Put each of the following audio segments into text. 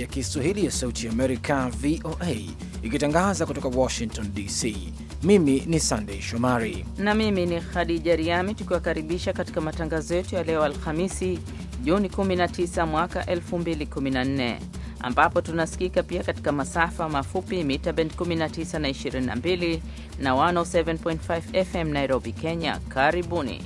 ya Kiswahili ya Sauti Amerika, VOA, ikitangaza kutoka Washington DC. Mimi ni Sandei Shomari na mimi ni Khadija Riami, tukiwakaribisha katika matangazo yetu ya leo Alhamisi, Juni 19 mwaka 2014 ambapo tunasikika pia katika masafa mafupi mita bend 19 na 22 na 107.5 FM Nairobi, Kenya. Karibuni.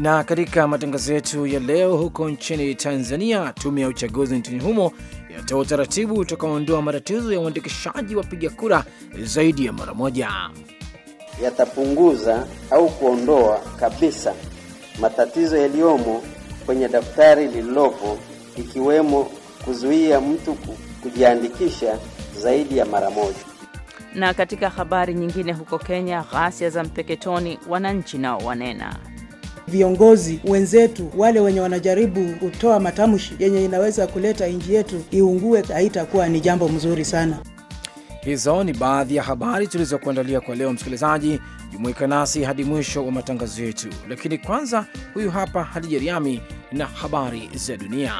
Na katika matangazo yetu ya leo, huko nchini Tanzania, tume ya uchaguzi nchini humo yatoa utaratibu utakaoondoa matatizo ya uandikishaji wapiga kura zaidi ya mara moja. Yatapunguza au kuondoa kabisa matatizo yaliyomo kwenye daftari lililopo, ikiwemo kuzuia mtu kujiandikisha zaidi ya mara moja. Na katika habari nyingine, huko Kenya, ghasia za Mpeketoni, wananchi nao wanena viongozi wenzetu wale wenye wanajaribu kutoa matamshi yenye inaweza kuleta nchi yetu iungue, haitakuwa ni jambo mzuri sana. Hizo ni baadhi ya habari tulizokuandalia kwa leo. Msikilizaji, jumuika nasi hadi mwisho wa matangazo yetu, lakini kwanza, huyu hapa Hadija Riami na habari za dunia.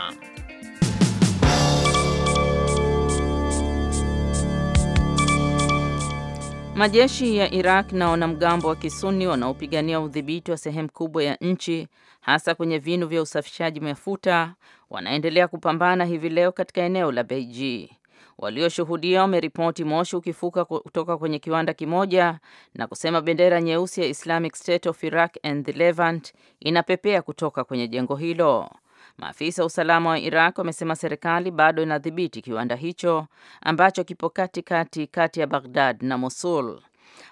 Majeshi ya Iraq na wanamgambo wa Kisuni wanaopigania udhibiti wa sehemu kubwa ya nchi hasa kwenye vinu vya usafishaji mafuta wanaendelea kupambana hivi leo katika eneo la Beiji. Walioshuhudia wameripoti moshi ukifuka kutoka kwenye kiwanda kimoja na kusema bendera nyeusi ya Islamic State of Iraq and the Levant inapepea kutoka kwenye jengo hilo. Maafisa wa usalama wa Iraq wamesema serikali bado inadhibiti kiwanda hicho ambacho kipo katikati kati ya Baghdad na Mosul.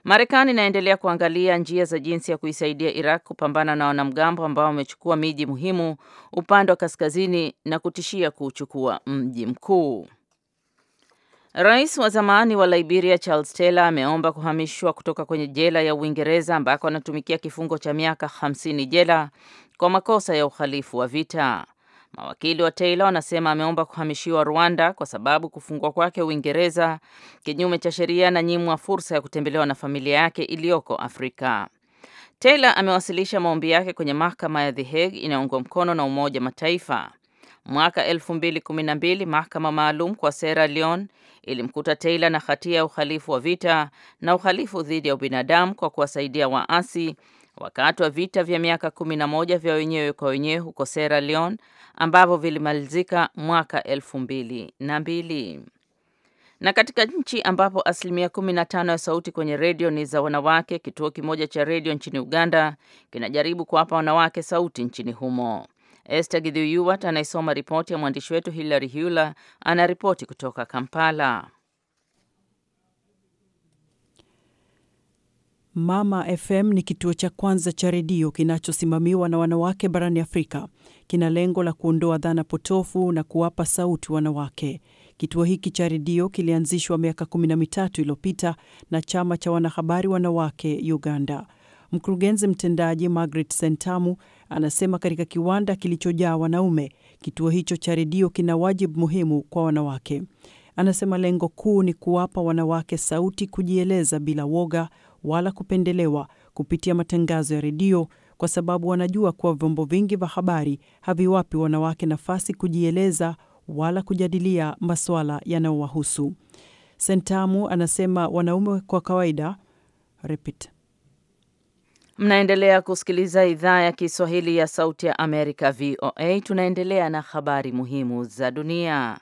Marekani inaendelea kuangalia njia za jinsi ya kuisaidia Iraq kupambana na wanamgambo ambao wamechukua miji muhimu upande wa kaskazini na kutishia kuuchukua mji mkuu. Rais wa zamani wa Liberia Charles Taylor ameomba kuhamishwa kutoka kwenye jela ya Uingereza ambako anatumikia kifungo cha miaka 50 jela kwa makosa ya uhalifu wa vita. Mawakili wa Taylor wanasema ameomba kuhamishiwa Rwanda kwa sababu kufungwa kwake Uingereza kinyume cha sheria na nyimwa fursa ya kutembelewa na familia yake iliyoko Afrika. Taylor amewasilisha maombi yake kwenye mahakama ya The Hague inayoungwa mkono na Umoja Mataifa. Mwaka 2012 mahakama maalum kwa Sierra Leone ilimkuta Taylor na hatia ya uhalifu wa vita na uhalifu dhidi ya ubinadamu kwa kuwasaidia waasi wakati wa vita vya miaka 11 vya wenyewe kwa wenyewe huko Sierra Leone ambavyo vilimalizika mwaka elfu mbili na mbili. Na katika nchi ambapo asilimia kumi na tano ya sauti kwenye redio ni za wanawake, kituo kimoja cha redio nchini Uganda kinajaribu kuwapa wanawake sauti nchini humo. Esther Githyuwat anaisoma ripoti ya mwandishi wetu Hilary Hula, anaripoti kutoka Kampala. Mama FM ni kituo cha kwanza cha redio kinachosimamiwa na wanawake barani Afrika kina lengo la kuondoa dhana potofu na kuwapa sauti wanawake. Kituo hiki cha redio kilianzishwa miaka kumi na mitatu iliyopita na chama cha wanahabari wanawake Uganda. Mkurugenzi mtendaji Margaret Sentamu anasema katika kiwanda kilichojaa wanaume, kituo hicho cha redio kina wajibu muhimu kwa wanawake. Anasema lengo kuu ni kuwapa wanawake sauti kujieleza bila woga wala kupendelewa kupitia matangazo ya redio kwa sababu wanajua kuwa vyombo vingi vya habari haviwapi wanawake nafasi kujieleza wala kujadilia masuala yanayowahusu. Sentamu anasema wanaume kwa kawaida repeat. Mnaendelea kusikiliza idhaa ya Kiswahili ya Sauti ya Amerika, VOA. Tunaendelea na habari muhimu za dunia.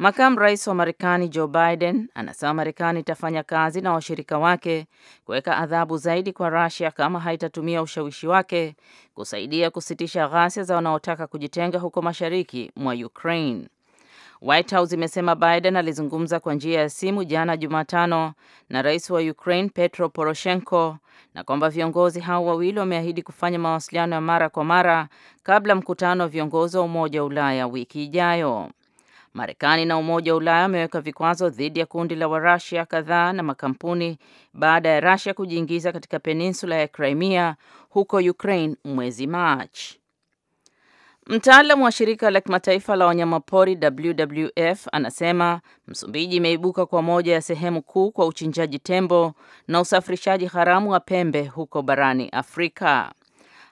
Makamu rais wa Marekani Joe Biden anasema Marekani itafanya kazi na washirika wake kuweka adhabu zaidi kwa rasia kama haitatumia ushawishi wake kusaidia kusitisha ghasia za wanaotaka kujitenga huko mashariki mwa Ukraine. White House imesema Biden alizungumza kwa njia ya simu jana Jumatano na rais wa Ukraine Petro Poroshenko na kwamba viongozi hao wawili wameahidi kufanya mawasiliano ya mara kwa mara kabla mkutano wa viongozi wa Umoja wa Ulaya wiki ijayo. Marekani na Umoja wa Ulaya wameweka vikwazo dhidi ya kundi la Warusia kadhaa na makampuni baada ya Rusia kujiingiza katika peninsula ya Crimea huko Ukraine mwezi Machi. Mtaalamu wa shirika la kimataifa la wanyamapori WWF anasema Msumbiji imeibuka kwa moja ya sehemu kuu kwa uchinjaji tembo na usafirishaji haramu wa pembe huko barani Afrika.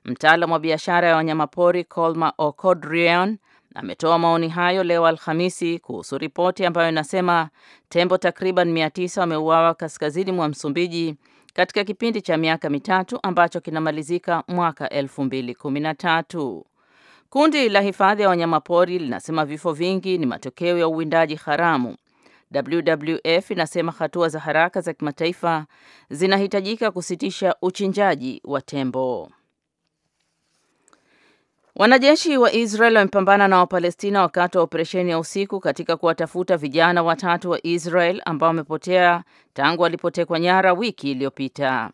Mtaalamu wa biashara ya wanyamapori Colma O'Codrion ametoa maoni hayo leo Alhamisi kuhusu ripoti ambayo inasema tembo takriban 900 wameuawa kaskazini mwa Msumbiji katika kipindi cha miaka mitatu ambacho kinamalizika mwaka 2013. Kundi la hifadhi ya wanyamapori linasema vifo vingi ni matokeo ya uwindaji haramu. WWF inasema hatua za haraka za kimataifa zinahitajika kusitisha uchinjaji wa tembo. Wanajeshi wa Israel wamepambana na Wapalestina wakati wa operesheni ya usiku katika kuwatafuta vijana watatu wa Israel ambao wamepotea tangu walipotekwa nyara wiki iliyopita.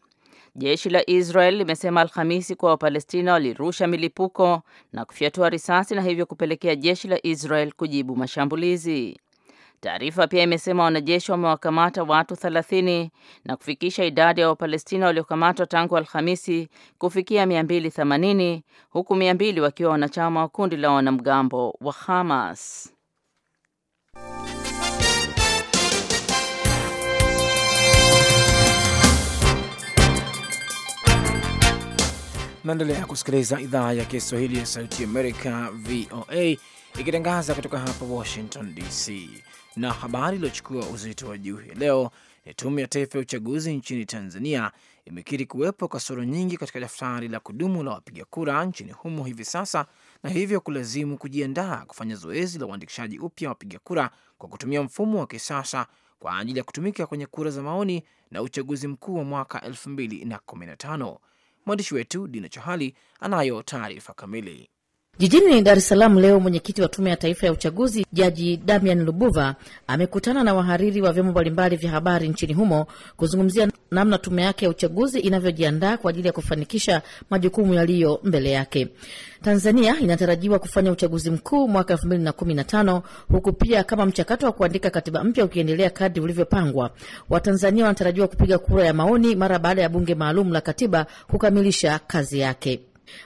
Jeshi la Israel limesema Alhamisi kuwa Wapalestina walirusha milipuko na kufyatua risasi na hivyo kupelekea jeshi la Israel kujibu mashambulizi. Taarifa pia imesema wanajeshi wamewakamata watu 30 na kufikisha idadi ya Wapalestina waliokamatwa tangu Alhamisi kufikia 280 huku 200 wakiwa wanachama wa kundi la wanamgambo wa Hamas. Naendelea kusikiliza idhaa ya Kiswahili ya Sauti Amerika, VOA, ikitangaza kutoka hapa Washington DC. Na habari iliyochukua uzito wa juu hii leo ni Tume ya Taifa ya Uchaguzi nchini Tanzania imekiri kuwepo kasoro nyingi katika daftari la kudumu la wapiga kura nchini humo hivi sasa, na hivyo kulazimu kujiandaa kufanya zoezi la uandikishaji upya wapiga kura kwa kutumia mfumo wa kisasa kwa ajili ya kutumika kwenye kura za maoni na uchaguzi mkuu wa mwaka e215 Mwandishi wetu Dina Chahali anayo taarifa kamili. Jijini Dar es Salaam leo, mwenyekiti wa Tume ya Taifa ya Uchaguzi Jaji Damian Lubuva amekutana na wahariri wa vyombo mbalimbali vya habari nchini humo kuzungumzia namna tume yake ya uchaguzi inavyojiandaa kwa ajili ya kufanikisha majukumu yaliyo mbele yake. Tanzania inatarajiwa kufanya uchaguzi mkuu mwaka elfu mbili na kumi na tano huku pia kama mchakato wa kuandika katiba mpya ukiendelea kadri ulivyopangwa, Watanzania wanatarajiwa kupiga kura ya maoni mara baada ya bunge maalum la katiba kukamilisha kazi yake.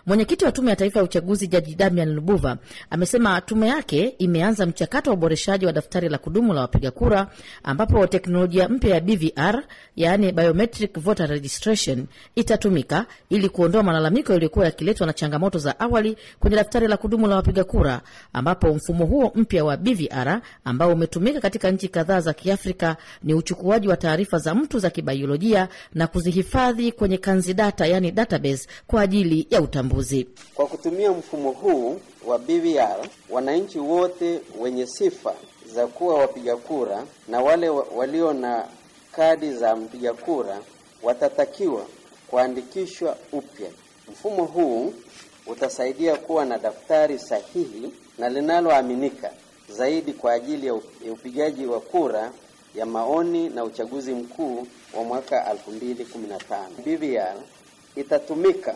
Mwenyekiti wa Tume ya Taifa ya Uchaguzi Jaji Damian Lubuva amesema tume yake imeanza mchakato wa uboreshaji wa daftari la kudumu la wapiga kura, ambapo teknolojia mpya ya BVR, yaani biometric voter registration, itatumika ili kuondoa malalamiko yaliyokuwa yakiletwa na changamoto za awali kwenye daftari la kudumu la wapiga kura, ambapo mfumo huo mpya wa BVR ambao umetumika katika nchi kadhaa za Kiafrika ni uchukuaji wa taarifa za mtu za kibaiolojia na kuzihifadhi kwenye kanzidata, yani database kwa ajili ya utambuzi. Kwa kutumia mfumo huu wa BVR, wananchi wote wenye sifa za kuwa wapiga kura na wale walio na kadi za mpiga kura watatakiwa kuandikishwa upya. Mfumo huu utasaidia kuwa na daftari sahihi na linaloaminika zaidi kwa ajili ya upigaji wa kura ya maoni na uchaguzi mkuu wa mwaka 2015. BVR itatumika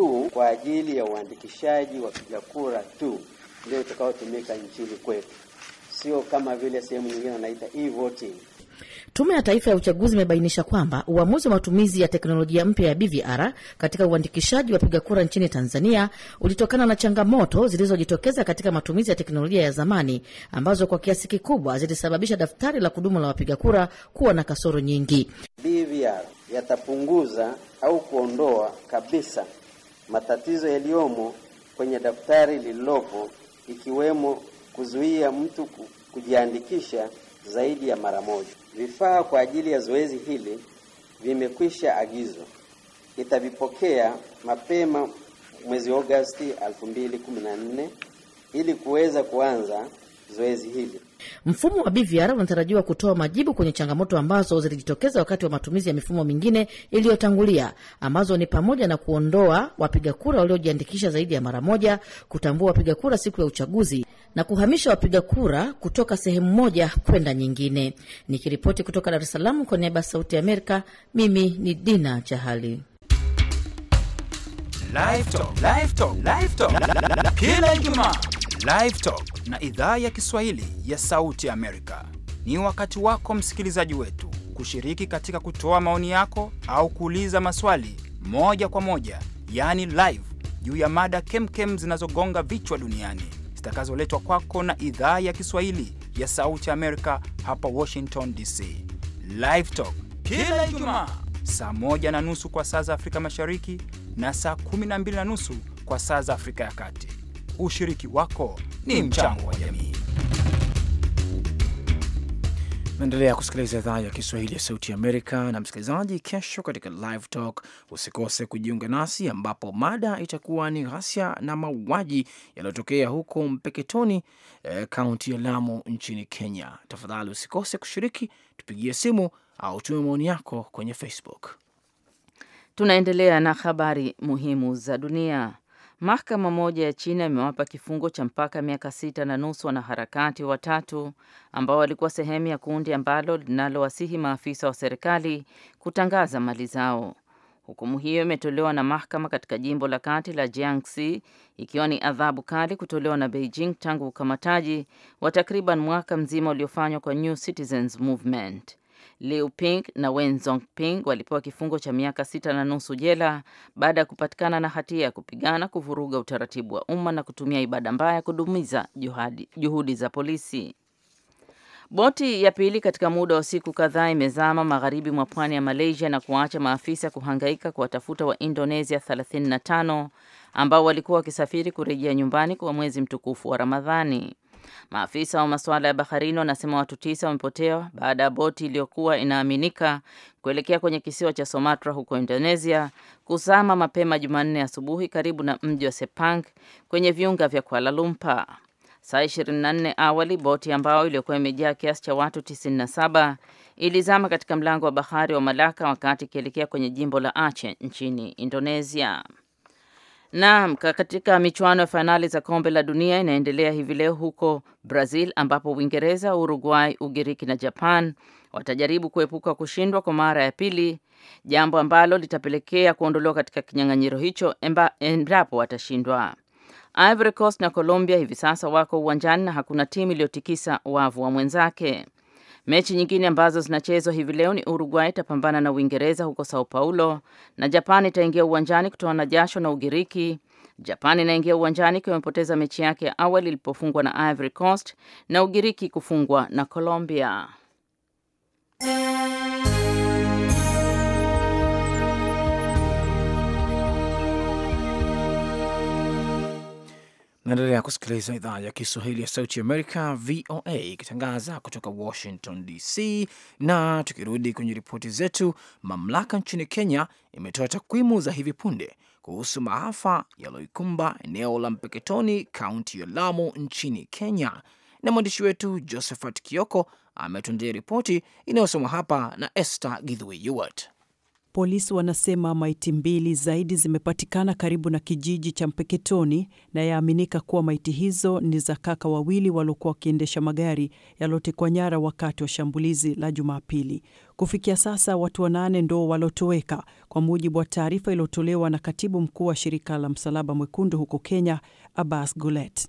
tu kwa ajili ya uandikishaji wa wapiga kura tu ndio itakayotumika nchini kwetu, sio kama vile sehemu nyingine wanaita e-voting. Tume ya Taifa ya Uchaguzi imebainisha kwamba uamuzi wa matumizi ya teknolojia mpya ya BVR katika uandikishaji wa wapiga kura nchini Tanzania ulitokana na changamoto zilizojitokeza katika matumizi ya teknolojia ya zamani ambazo kwa kiasi kikubwa zilisababisha daftari la kudumu la wapiga kura kuwa na kasoro nyingi. BVR yatapunguza au kuondoa kabisa matatizo yaliyomo kwenye daftari lililopo ikiwemo kuzuia mtu kujiandikisha zaidi ya mara moja. Vifaa kwa ajili ya zoezi hili vimekwisha agizwa, itavipokea mapema mwezi Agosti 2014 ili kuweza kuanza zoezi hili. Mfumo wa BVR unatarajiwa kutoa majibu kwenye changamoto ambazo zilijitokeza wakati wa matumizi ya mifumo mingine iliyotangulia, ambazo ni pamoja na kuondoa wapiga kura waliojiandikisha zaidi ya mara moja, kutambua wapiga kura siku ya uchaguzi na kuhamisha wapiga kura kutoka sehemu moja kwenda nyingine. Nikiripoti kutoka Dar es Salaam kwa niaba ya Sauti ya Amerika, mimi ni Dina Chahali kila Ijumaa. Live na idhaa ya Kiswahili ya Sauti ya Amerika. Ni wakati wako msikilizaji wetu kushiriki katika kutoa maoni yako au kuuliza maswali moja kwa moja, yani live, juu ya mada kemkem zinazogonga vichwa duniani zitakazoletwa kwako na idhaa ya Kiswahili ya Sauti ya Amerika hapa Washington DC. livetok kila Ijumaa saa moja na nusu kwa saa za Afrika Mashariki na saa 12 na nusu kwa saa za Afrika ya Kati. Ushiriki wako ni mchango wa jamii. Naendelea kusikiliza idhaa ya Kiswahili ya Sauti ya Amerika. Na msikilizaji, kesho katika Live Talk usikose kujiunga nasi, ambapo mada itakuwa ni ghasia na mauaji yaliyotokea huko Mpeketoni, eh, kaunti ya Lamu nchini Kenya. Tafadhali usikose kushiriki, tupigie simu au tume maoni yako kwenye Facebook. Tunaendelea na habari muhimu za dunia. Mahakama moja ya China imewapa kifungo cha mpaka miaka sita na nusu wanaharakati watatu ambao walikuwa sehemu ya kundi ambalo linalowasihi maafisa wa serikali kutangaza mali zao. Hukumu hiyo imetolewa na mahakama katika jimbo la kati la Jiangxi ikiwa ni adhabu kali kutolewa na Beijing tangu ukamataji wa takriban mwaka mzima uliofanywa kwa New Citizens Movement. Liu Ping na Wen Zhongping walipewa kifungo cha miaka sita na nusu jela baada ya kupatikana na hatia ya kupigana, kuvuruga utaratibu wa umma na kutumia ibada mbaya kudumiza juhadi, juhudi za polisi. Boti ya pili katika muda wa siku kadhaa imezama magharibi mwa pwani ya Malaysia na kuwaacha maafisa kuhangaika kuwatafuta wa Indonesia 35 ambao walikuwa wakisafiri kurejea nyumbani kwa mwezi mtukufu wa Ramadhani. Maafisa wa masuala ya baharini wanasema watu tisa wamepotea baada ya boti iliyokuwa inaaminika kuelekea kwenye kisiwa cha Sumatra huko Indonesia kuzama mapema Jumanne asubuhi karibu na mji wa Sepang kwenye viunga vya Kuala Lumpur. Saa 24 awali boti ambayo iliyokuwa imejaa kiasi cha watu 97 ilizama katika mlango wa bahari wa Malaka wakati ikielekea kwenye jimbo la Aceh nchini Indonesia. Naam, katika michuano ya fainali za kombe la dunia inaendelea hivi leo huko Brazil ambapo Uingereza, Uruguay, Ugiriki na Japan watajaribu kuepuka kushindwa kwa mara ya pili, jambo ambalo litapelekea kuondolewa katika kinyang'anyiro hicho endapo watashindwa. Ivory Coast na Colombia hivi sasa wako uwanjani na hakuna timu iliyotikisa wavu wa mwenzake. Mechi nyingine ambazo zinachezwa hivi leo ni Uruguay itapambana na Uingereza huko Sao Paulo na Japan itaingia uwanjani kutoa na jasho na Ugiriki. Japan inaingia uwanjani ikiwa imepoteza mechi yake ya awali ilipofungwa na Ivory Coast na Ugiriki kufungwa na Colombia. Naendelea kusikiliza idhaa ya Kiswahili ya Sauti Amerika, VOA, ikitangaza kutoka Washington DC. Na tukirudi kwenye ripoti zetu, mamlaka nchini Kenya imetoa takwimu za hivi punde kuhusu maafa yaliyoikumba eneo la Mpeketoni, kaunti ya Lamu nchini Kenya, na mwandishi wetu Josephat Kioko ametuandalia ripoti inayosomwa hapa na Esther Githui Yuwat. Polisi wanasema maiti mbili zaidi zimepatikana karibu na kijiji cha Mpeketoni na yaaminika kuwa maiti hizo ni za kaka wawili waliokuwa wakiendesha magari yaliotekwa nyara wakati wa shambulizi la Jumapili. Kufikia sasa watu wanane ndo waliotoweka, kwa mujibu wa taarifa iliyotolewa na katibu mkuu wa shirika la Msalaba Mwekundu huko Kenya, Abbas Gulet.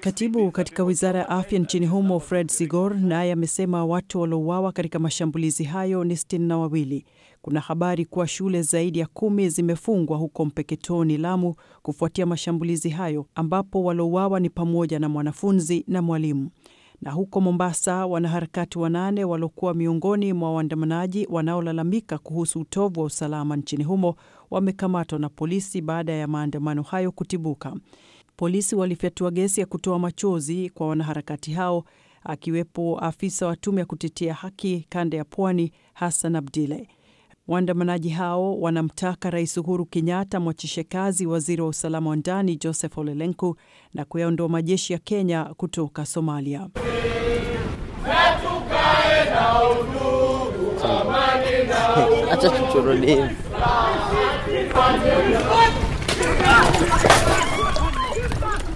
Katibu katika wizara ya afya nchini humo Fred Sigor naye amesema watu waliouawa katika mashambulizi hayo ni sitini na wawili. Kuna habari kuwa shule zaidi ya kumi zimefungwa huko Mpeketoni, Lamu, kufuatia mashambulizi hayo, ambapo waliouawa ni pamoja na mwanafunzi na mwalimu na huko Mombasa, wanaharakati wanane waliokuwa miongoni mwa waandamanaji wanaolalamika kuhusu utovu wa usalama nchini humo wamekamatwa na polisi baada ya maandamano hayo kutibuka. Polisi walifyatua gesi ya kutoa machozi kwa wanaharakati hao, akiwepo afisa wa tume ya kutetea haki kanda ya Pwani, Hassan Abdile. Waandamanaji hao wanamtaka Rais Uhuru Kenyatta mwachishe kazi waziri wa usalama wa ndani Joseph Olelenku na kuyaondoa majeshi ya Kenya kutoka Somalia.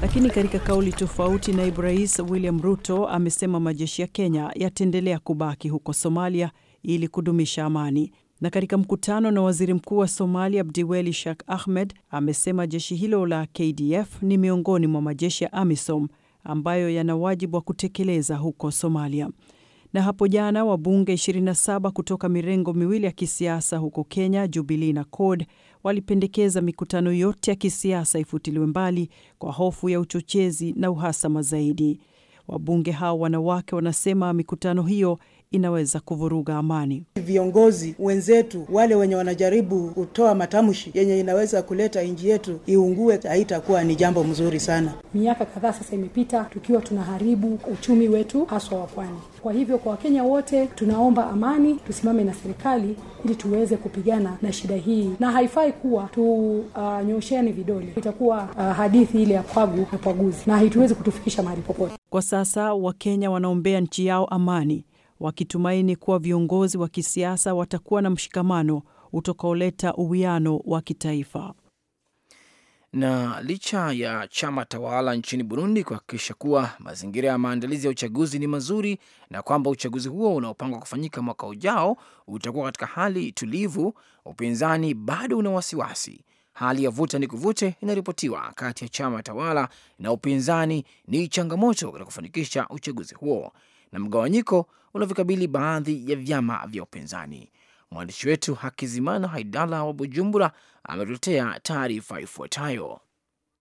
Lakini katika kauli tofauti, naibu rais William Ruto amesema majeshi ya Kenya yataendelea kubaki huko Somalia ili kudumisha amani. Na katika mkutano na waziri mkuu wa Somalia Abdiweli Shak Ahmed amesema jeshi hilo la KDF ni miongoni mwa majeshi ya AMISOM ambayo yana wajibu wa kutekeleza huko Somalia. Na hapo jana wabunge 27 kutoka mirengo miwili ya kisiasa huko Kenya, Jubilee na CORD, walipendekeza mikutano yote ya kisiasa ifutiliwe mbali kwa hofu ya uchochezi na uhasama zaidi. Wabunge hao wanawake wanasema mikutano hiyo inaweza kuvuruga amani. Viongozi wenzetu wale wenye wanajaribu kutoa matamshi yenye inaweza kuleta nchi yetu iungue, haitakuwa ni jambo mzuri sana. Miaka kadhaa sasa imepita tukiwa tunaharibu uchumi wetu haswa wa pwani. Kwa hivyo kwa Wakenya wote tunaomba amani, tusimame na serikali ili tuweze kupigana na shida hii, na haifai kuwa tunyosheni uh, vidole. Itakuwa uh, hadithi ile ya pwagu na pwaguzi, na haituwezi kutufikisha mahali popote. Kwa sasa Wakenya wanaombea nchi yao amani wakitumaini kuwa viongozi wa kisiasa watakuwa na mshikamano utakaoleta uwiano wa kitaifa. Na licha ya chama tawala nchini Burundi kuhakikisha kuwa mazingira ya maandalizi ya uchaguzi ni mazuri na kwamba uchaguzi huo unaopangwa kufanyika mwaka ujao utakuwa katika hali tulivu, upinzani bado una wasiwasi. Hali ya vuta ni kuvute inaripotiwa kati ya chama tawala na upinzani ni changamoto katika kufanikisha uchaguzi huo, na mgawanyiko unavyokabili baadhi ya vyama vya upinzani. Mwandishi wetu Hakizimana Haidala wa Bujumbura ametuletea taarifa ifuatayo.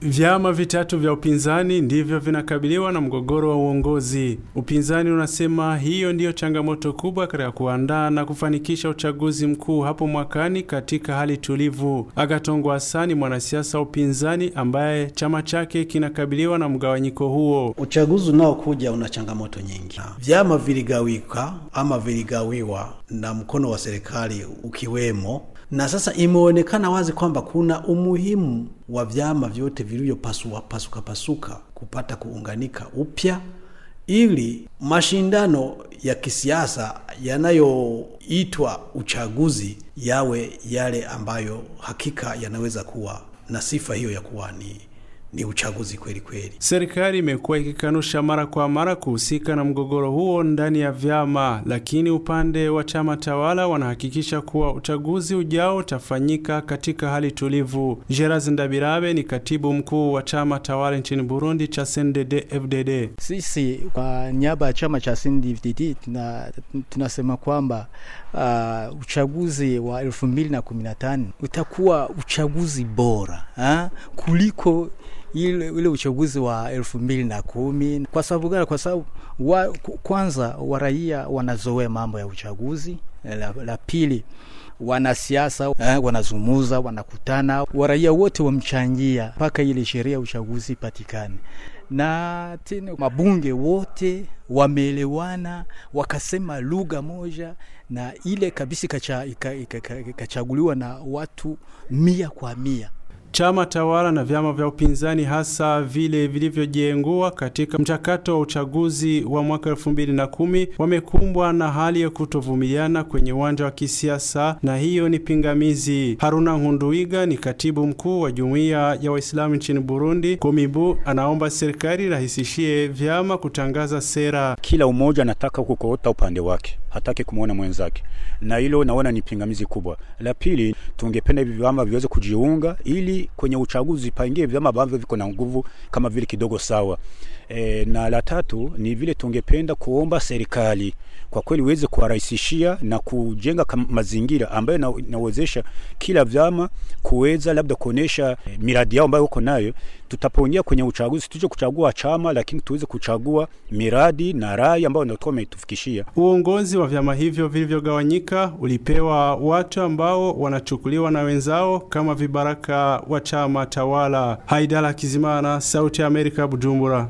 Vyama vitatu vya upinzani ndivyo vinakabiliwa na mgogoro wa uongozi. Upinzani unasema hiyo ndiyo changamoto kubwa katika kuandaa na kufanikisha uchaguzi mkuu hapo mwakani katika hali tulivu. Agathon Rwasa ni mwanasiasa wa upinzani ambaye chama chake kinakabiliwa na mgawanyiko huo. Uchaguzi unaokuja una changamoto nyingi. Vyama viligawika ama viligawiwa na mkono wa serikali ukiwemo na sasa imeonekana wazi kwamba kuna umuhimu wa vyama vyote vilivyopasua pasuka pasuka kupata kuunganika upya ili mashindano ya kisiasa yanayoitwa uchaguzi yawe yale ambayo hakika yanaweza kuwa na sifa hiyo ya kuwa ni ni uchaguzi kweli kweli. Serikali imekuwa ikikanusha mara kwa mara kuhusika na mgogoro huo ndani ya vyama, lakini upande wa chama tawala wanahakikisha kuwa uchaguzi ujao utafanyika katika hali tulivu. Gerard Ndabirabe ni katibu mkuu wa chama tawala nchini Burundi cha CNDD FDD. Sisi kwa niaba ya chama cha CNDD tuna, tunasema kwamba uh, uchaguzi wa tano utakuwa uchaguzi bora ha? Ah, kuliko ile, ile uchaguzi wa elfu mbili na kumi. Kwa sababu gani? Kwa sababu wa, kwanza waraia wanazoea mambo ya uchaguzi eh, la, la pili wanasiasa eh, wanazumuza wanakutana, waraia wote wamchangia mpaka ile sheria ya uchaguzi ipatikane, na tena mabunge wote wameelewana wakasema lugha moja, na ile kabisa ikachaguliwa na watu mia kwa mia. Chama tawala na vyama vya upinzani hasa vile vilivyojengua katika mchakato wa uchaguzi wa mwaka elfu mbili na kumi wamekumbwa na hali ya kutovumiliana kwenye uwanja wa kisiasa, na hiyo ni pingamizi. Haruna Nkunduwiga ni katibu mkuu wa jumuiya ya Waislamu nchini Burundi, Komibu, anaomba serikali rahisishie vyama kutangaza sera. Kila umoja anataka kukoota upande wake, hataki kumwona mwenzake, na hilo naona ni pingamizi kubwa. La pili, tungependa hivi vyama viweze kujiunga ili kwenye uchaguzi pangie vyama ambavyo viko na nguvu kama vile kidogo sawa. E, na la tatu ni vile tungependa kuomba serikali kwa kweli uweze kuwarahisishia na kujenga mazingira ambayo inawezesha kila vyama kuweza labda kuonesha eh, miradi yao ambayo uko nayo. Tutapoingia kwenye uchaguzi, tuje kuchagua chama, lakini tuweze kuchagua miradi na rai ambayo ndio wametufikishia. Uongozi wa vyama hivyo vilivyogawanyika ulipewa watu ambao wanachukuliwa na wenzao kama vibaraka wa chama tawala. Haidala Kizimana, Sauti ya Amerika, Bujumbura.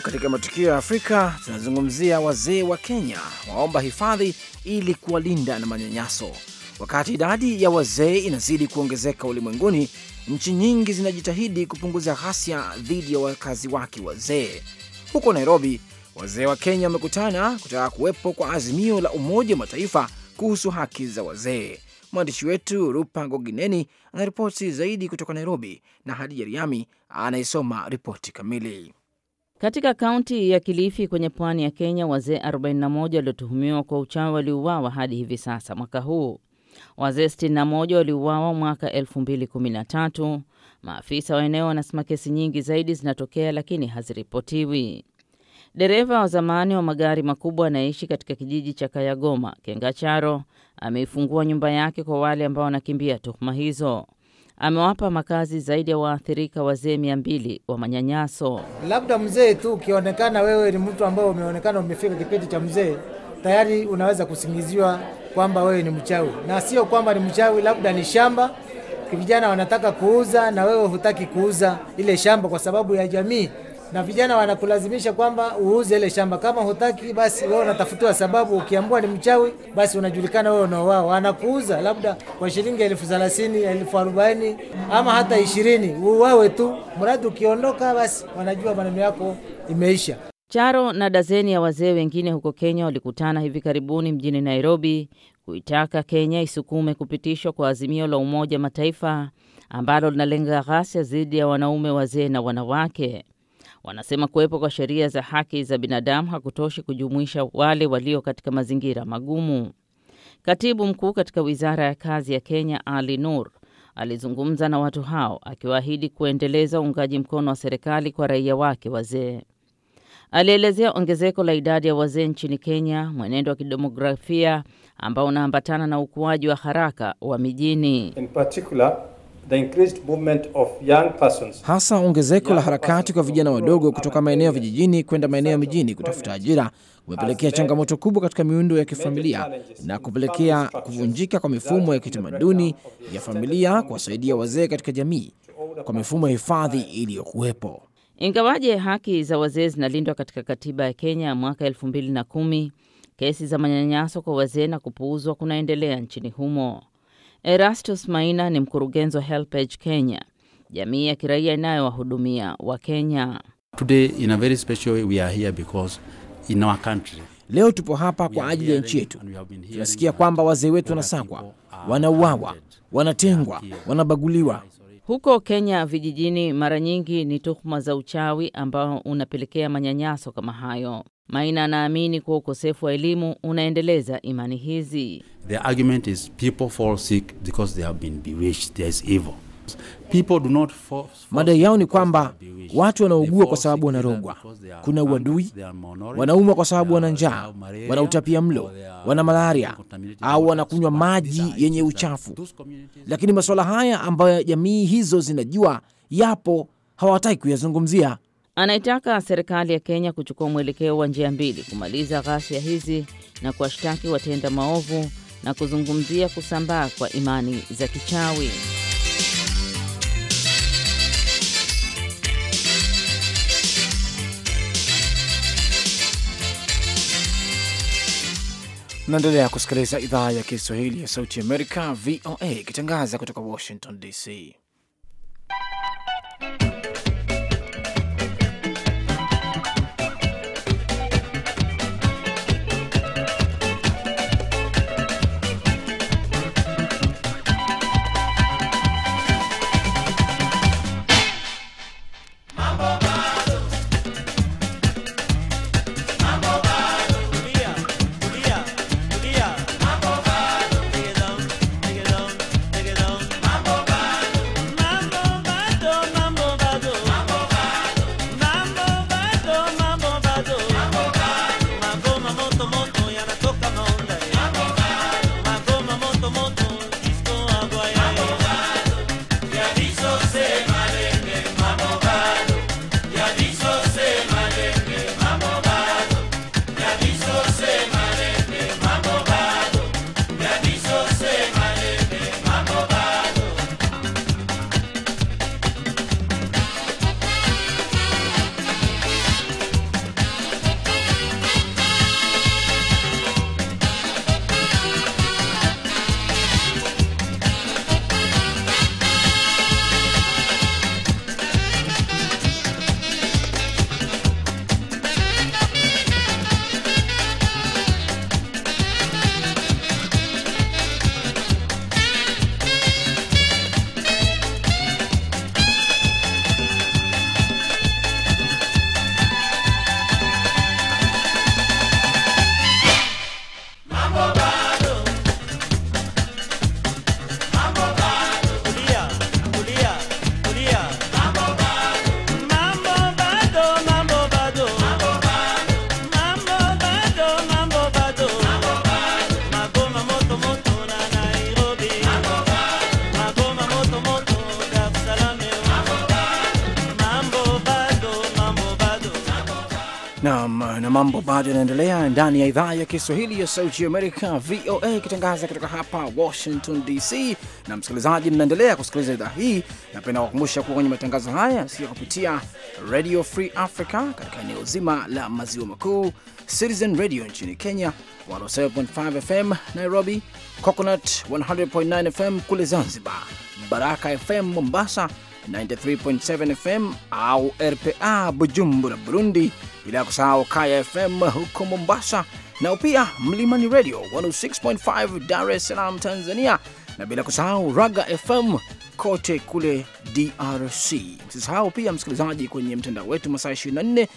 katika matukio ya Afrika tunazungumzia wazee wa Kenya waomba hifadhi ili kuwalinda na manyanyaso. Wakati idadi ya wazee inazidi kuongezeka ulimwenguni, nchi nyingi zinajitahidi kupunguza ghasia dhidi ya wakazi wake wazee. Huko Nairobi, wazee wa Kenya wamekutana kutaka kuwepo kwa azimio la Umoja wa Mataifa kuhusu haki za wazee. Mwandishi wetu Rupa Gogineni anaripoti zaidi kutoka Nairobi na Hadija Riami anayesoma ripoti kamili. Katika kaunti ya Kilifi kwenye pwani ya Kenya, wazee 41 waliotuhumiwa kwa uchawi waliuawa hadi hivi sasa mwaka huu. Wazee 61 waliuawa mwaka 2013. Maafisa wa eneo wanasema kesi nyingi zaidi zinatokea lakini haziripotiwi. Dereva wa zamani wa magari makubwa anayeishi katika kijiji cha Kayagoma, Kengacharo, ameifungua nyumba yake kwa wale ambao wanakimbia tuhuma hizo amewapa makazi zaidi ya waathirika wazee mia mbili wa manyanyaso. Labda mzee tu ukionekana wewe ni mtu ambaye umeonekana umefika kipindi cha mzee, tayari unaweza kusingiziwa kwamba wewe ni mchawi, na sio kwamba ni mchawi, labda ni shamba vijana wanataka kuuza na wewe hutaki kuuza ile shamba kwa sababu ya jamii na vijana wanakulazimisha kwamba uuze ile shamba. Kama hutaki, basi wewe unatafutiwa sababu. ukiambua ni mchawi, basi unajulikana wewe unaowao. Anakuuza labda kwa shilingi elfu thelathini, elfu arobaini ama hata ishirini, uwawe tu mradi. Ukiondoka basi wanajua maneno yako imeisha. Charo na dazeni ya wazee wengine huko Kenya walikutana hivi karibuni mjini Nairobi kuitaka Kenya isukume kupitishwa kwa azimio la Umoja Mataifa ambalo linalenga ghasia dhidi ya wanaume, wazee na wanawake. Wanasema kuwepo kwa sheria za haki za binadamu hakutoshi kujumuisha wale walio katika mazingira magumu. Katibu mkuu katika wizara ya kazi ya Kenya, Ali Nur, alizungumza na watu hao akiwaahidi kuendeleza uungaji mkono wa serikali kwa raia wake wazee. Alielezea ongezeko la idadi ya wazee nchini Kenya, mwenendo wa kidemografia ambao unaambatana na ukuaji wa haraka wa mijini. In particular The increased movement of young persons. Hasa ongezeko la harakati kwa vijana wadogo kutoka maeneo ya vijijini kwenda maeneo ya mijini kutafuta ajira kumepelekea changamoto kubwa katika miundo ya kifamilia na kupelekea kuvunjika kwa mifumo ya kitamaduni ya familia kuwasaidia wazee katika jamii kwa mifumo ya hifadhi iliyokuwepo. Ingawaje haki za wazee zinalindwa katika katiba ya Kenya ya mwaka elfu mbili na kumi, kesi za manyanyaso kwa wazee na kupuuzwa kunaendelea nchini humo. Erastus Maina ni mkurugenzi wa Helpage Kenya, jamii ya kiraia inayowahudumia wa Kenya. Today in a very special way we are here because in our country Leo tupo hapa kwa ajili ya nchi yetu. Tunasikia kwamba wazee wetu wanasakwa, wanauawa, wanatengwa, wanabaguliwa. Huko Kenya vijijini, mara nyingi ni tuhuma za uchawi ambao unapelekea manyanyaso kama hayo. Maina anaamini kuwa ukosefu wa elimu unaendeleza imani hizi. The argument is people fall sick because they have been bewitched, there is evil. People do not fall... madai yao ni kwamba watu wanaugua kwa sababu wanarogwa, kuna uadui, wanaumwa kwa sababu wana njaa, wana utapia mlo, wana malaria au wanakunywa maji yenye uchafu. Lakini masuala haya ambayo jamii hizo zinajua yapo hawataki kuyazungumzia anaitaka serikali ya Kenya kuchukua mwelekeo wa njia mbili kumaliza ghasia hizi na kuwashtaki watenda maovu na kuzungumzia kusambaa kwa imani za kichawi. Naendelea kusikiliza idhaa ya Kiswahili ya Sauti Amerika, VOA, ikitangaza kutoka Washington DC. idhaa ya Kiswahili ya Sauti Amerika, VOA, ikitangaza kutoka hapa Washington DC. Na msikilizaji, mnaendelea kusikiliza idhaa hii. Napenda kukumbusha kuwa kwenye matangazo haya yasikia kupitia Radio Free Africa katika eneo zima la maziwa makuu, Citizen Radio nchini Kenya 107.5 FM Nairobi, Coconut 100.9 FM kule Zanzibar, Baraka FM Mombasa 93.7 FM au RPA Bujumbura, Burundi, bila kusahau Kaya FM huko Mombasa, nao pia Mlimani Radio 106.5 Dar es Salaam, Tanzania, na bila kusahau Raga FM kote kule DRC. Msisahau pia msikilizaji, kwenye mtandao wetu masaa 24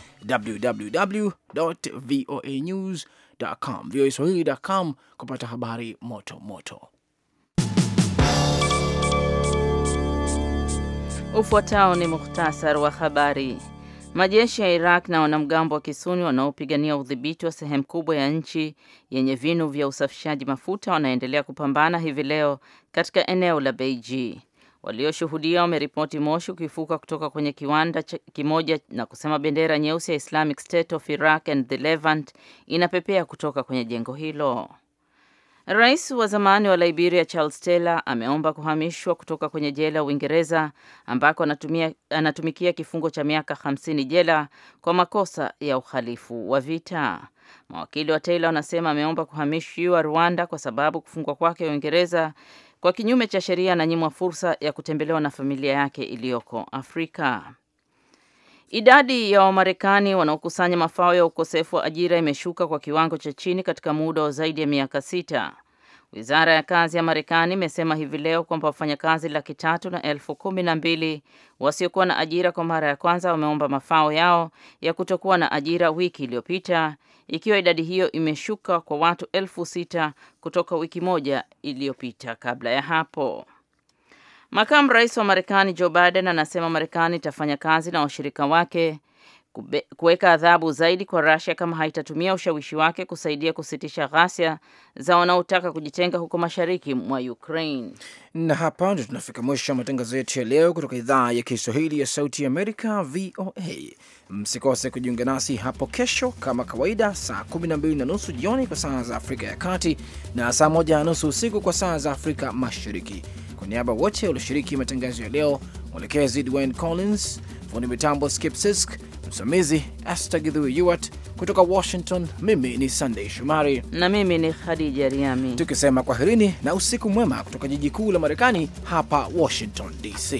www.voanews.com, voaswahili.com kupata habari moto moto. Ufuatao ni muhtasari wa habari. Majeshi ya Iraq na wanamgambo wa Kisuni wanaopigania udhibiti wa sehemu kubwa ya nchi yenye vinu vya usafishaji mafuta wanaendelea kupambana hivi leo katika eneo la Beiji. Walioshuhudia wameripoti moshi ukifuka kutoka kwenye kiwanda kimoja na kusema bendera nyeusi ya Islamic State of Iraq and the Levant inapepea kutoka kwenye jengo hilo. Rais wa zamani wa Liberia Charles Taylor ameomba kuhamishwa kutoka kwenye jela Uingereza ambako anatumia, anatumikia kifungo cha miaka 50 jela kwa makosa ya uhalifu wa vita. Mawakili wa Taylor wanasema ameomba kuhamishiwa Rwanda kwa sababu kufungwa kwake Uingereza kwa kinyume cha sheria ananyimwa fursa ya kutembelewa na familia yake iliyoko Afrika. Idadi ya Wamarekani wanaokusanya mafao ya ukosefu wa ajira imeshuka kwa kiwango cha chini katika muda wa zaidi ya miaka sita. Wizara ya kazi ya Marekani imesema hivi leo kwamba wafanyakazi laki tatu na elfu kumi na mbili wasiokuwa na ajira kwa mara ya kwanza wameomba mafao yao ya kutokuwa na ajira wiki iliyopita, ikiwa idadi hiyo imeshuka kwa watu elfu sita kutoka wiki moja iliyopita kabla ya hapo. Makamu Rais wa Marekani Joe Biden anasema Marekani itafanya kazi na washirika wake kuweka adhabu zaidi kwa Russia kama haitatumia ushawishi wake kusaidia kusitisha ghasia za wanaotaka kujitenga huko mashariki mwa Ukraine. Na hapa ndio tunafika mwisho wa matangazo yetu ya leo kutoka idhaa ya Kiswahili ya Sauti ya Amerika, VOA. Msikose kujiunga nasi hapo kesho kama kawaida, saa 12 na nusu jioni kwa saa za Afrika ya Kati na saa 1 na nusu usiku kwa saa za Afrika Mashariki. Kwa niaba wote walioshiriki matangazo ya leo, mwelekezi Dwayne Collins, fundi mitambo Skip Sisk Msimamizi Astagidhu Yuat kutoka Washington. Mimi ni Sandey Shomari na mimi ni Khadija Riami, tukisema kwaherini na usiku mwema kutoka jiji kuu la Marekani, hapa Washington DC.